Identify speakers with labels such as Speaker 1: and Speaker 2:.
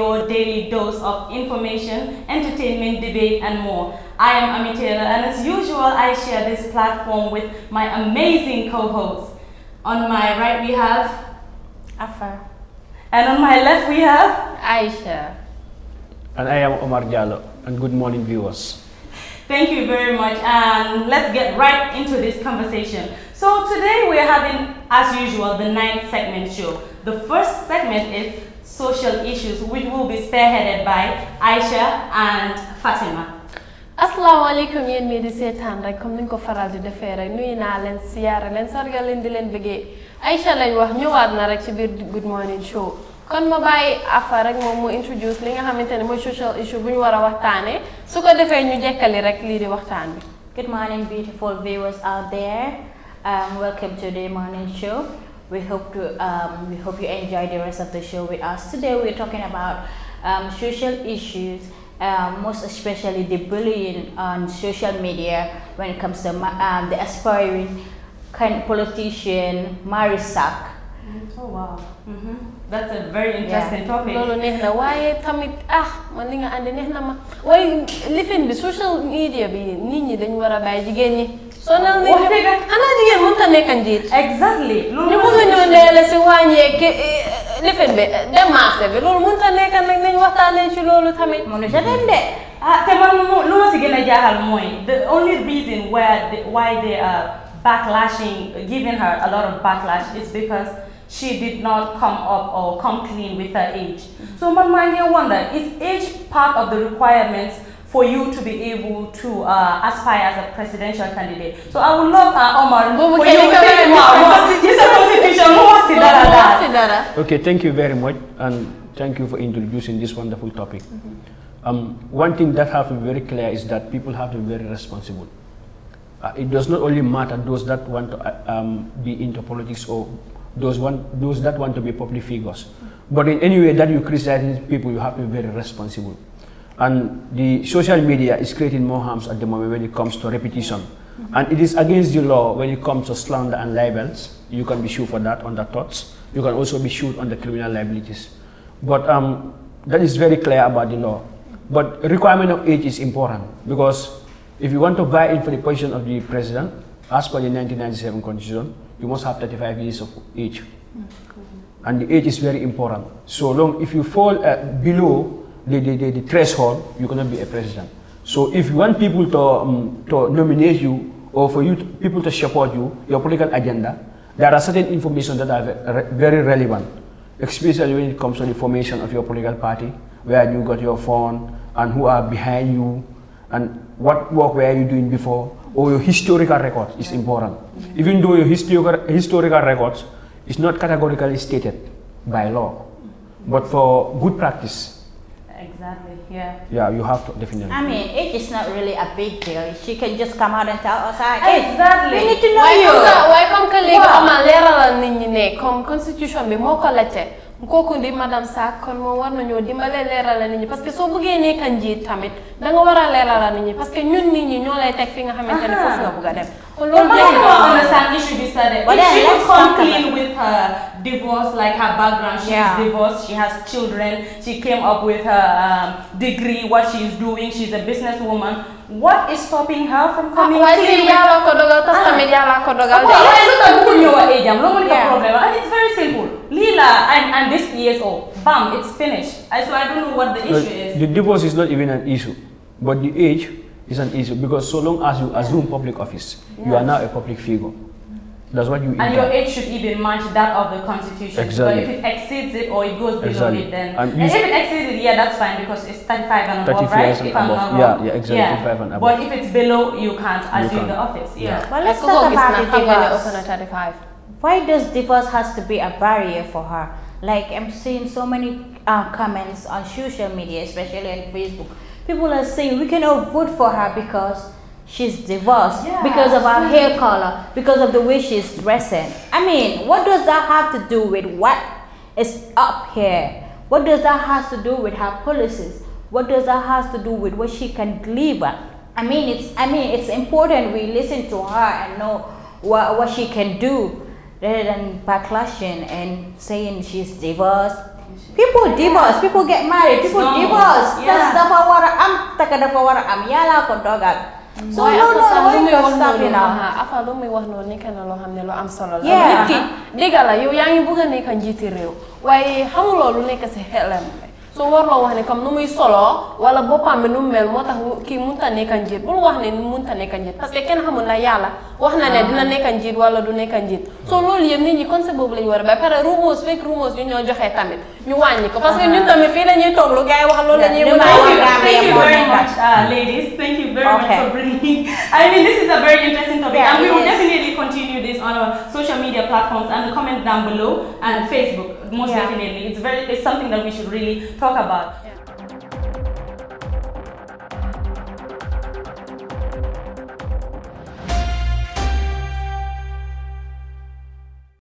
Speaker 1: your daily dose of information, entertainment, debate, and more. I am Amitera, and as usual, I share this platform with my amazing co-hosts. On my right, we have Afar. And on my left, we have Aisha.
Speaker 2: And I am Omar Diallo, and good morning, viewers.
Speaker 1: Thank you very much, and let's get right into this conversation. So today we're having, as usual, the ninth segment show. The first segment is social issues which will be spearheaded by Aisha and Fatima.
Speaker 3: asalaamaaleykum yéen ñii di seetaan rek comme ni ko faral di defee rek nuyu naa leen siyaare leen sargal leen di leen bëggee Aïcha lañ wax ñëwaat na rek ci biir Good Morning Show kon ma bàyyi Afa rek moom mu introduce li nga xamante ne mooy social issue bu ñu war a waxtaanee su ko defee ñu jekkali rek lii di waxtaan bi.
Speaker 4: Good morning beautiful viewers out there um, welcome to morning show. We hope to um, we hope you enjoy the rest of the show with us. Today we're talking about um, social issues, uh, most especially the bullying on social media when it comes to um, the aspiring kind of politician Marisak.
Speaker 1: Oh wow. Mm -hmm. That's a very interesting yeah. topic. Why? nehna waye
Speaker 3: tamit ah man li nehna ma social media be nini ñi wara bay jigen sonal nañu wax dëgg xanaa jigéen mënut a nekk njiit. exactly loolu ñu bëgg ñoo neele si wàññee ki lifin bi démarche bi eh, loolu mënut a nekk nag nañu
Speaker 1: waxtaanee ci loolu tamit. mënu ca dem de. ah te man lu ma si gën jaaxal mooy the only reason why why they are backlashing giving her a lot of backlash is because. she did not come up or come clean with her age. So Mamanya wonder, is age part of the requirements for you to be able to uh, aspire as a presidential candidate. So I would love uh, Omar well, for you to say, Constitution,
Speaker 2: Okay, thank you very much, and thank you for introducing this wonderful topic. Mm -hmm. um, one thing that has to be very clear is that people have to be very responsible. Uh, it does not only matter those that want to uh, um, be into politics or those want those that want to be public figures, mm-hmm. but in any way that you criticize people, you have to be very responsible. And the social media is creating more harms at the moment when it comes to repetition. Mm -hmm. And it is against the law when it comes to slander and libels. You can be sued for that under thoughts. You can also be sued under criminal liabilities. But um, that is very clear about the law. But requirement of age is important because if you want to buy in for the position of the president, as per the 1997 constitution, you must have 35 years of age. Mm -hmm. And the age is very important. So long, if you fall uh, below the, the, the, the threshold, you cannot be a president. So if you want people to, um, to nominate you or for you to, people to support you, your political agenda, there are certain information that are very relevant, especially when it comes to the formation of your political party, where you got your phone and who are behind you and what work were you doing before or your historical record is important. Even though your historical, historical records is not categorically stated by law, but for good practice,
Speaker 4: Exactly, yeah. Yeah,
Speaker 1: you have to definitely. I
Speaker 4: mean, it is not really a big deal. She can just come out and tell us, hey, exactly. we need to know why you. Why come colleague on my level
Speaker 3: and come constitution be more collected? kooku di madame kon moom war nañoo dimbale leerala nit ñi parce que soo bëggee nekk njiit tamit da nga war a nit ñi parce que ñun nit ñi ñoo lay fi nga
Speaker 1: xamante ne nga bëgg dem. kon loolu. loolu mooy li ma understand issue bi sa de. she would clean with her divorced, like her background. She's yeah. divorced, she has children, she came up with her um, degree, what she's doing, she's a businesswoman. What is stopping her from ah, coming ah, clean? Yala kodogal, kasta mediala kodogal. Okay, let's look at who you are, Ejam. No problem. And it's very simple. Lila, I'm, I'm this years old. Bam, it's finished. I, so I don't know what the issue is. The
Speaker 2: divorce is not even an issue, but the age is an issue because so long as you assume public office, yes. you are now a public figure. That's what you eat. And your age
Speaker 1: should even match that of the constitution. Exactly. But if it exceeds it or it goes below exactly. it, then. And if it exceeds it, yeah, that's fine because it's 35 and above, right? And if above. I'm not wrong. Yeah, yeah, exactly. Yeah. 35 and above. But if it's below, you can't assume you in the office. Yeah. yeah. let's talk about the
Speaker 4: divorce. Why does divorce has to be a barrier for her? Like I'm seeing so many uh, comments on social media, especially on Facebook. People are saying we cannot vote for her because she's divorced yeah, because of her hair color, because of the way she's dressing. I mean, what does that have to do with what is up here? What does that have to do with her policies? What does that have to do with what she can deliver? I mean, it's I mean it's important we listen to her and know what what she can do rather than backlashing and saying she's divorced. People divorce, people get married, people divorce. That's the I'm taka dafawara am yala kondogat. so affaire lu muy wax noonu ah
Speaker 3: affaire lu muy wax noonu nekk na loo xam ne lu am solo la. nit ki dégg la yow yaa ngi bëgg a nekk njiiti réew waaye xamuloo lu nekk si xelam. so warloo wax ne comme nu muy solo wala boppam bi nu mu wala moo tax kii mënut a nekk njiit bul wax ne mënut a nekk njiit parce que kenn xamul na yàlla wax ne dina nekk njiit wala du nekk njiit so loolu yëpp nit ñi concept boobu la ñu war a ba pare rumeurs fekk rumeurs yu ñoo joxee tamit ñu wàññi ko parce que ñun tamit fii la ñuy toog wax loolu la ñuy wax
Speaker 1: Uh, ladies. Thank you very okay. much for bringing. I mean, this is a very interesting topic, yeah, and we will is. definitely continue this on our social media platforms and comment down below and Facebook. Most yeah. definitely, it's very it's something that we should really talk about.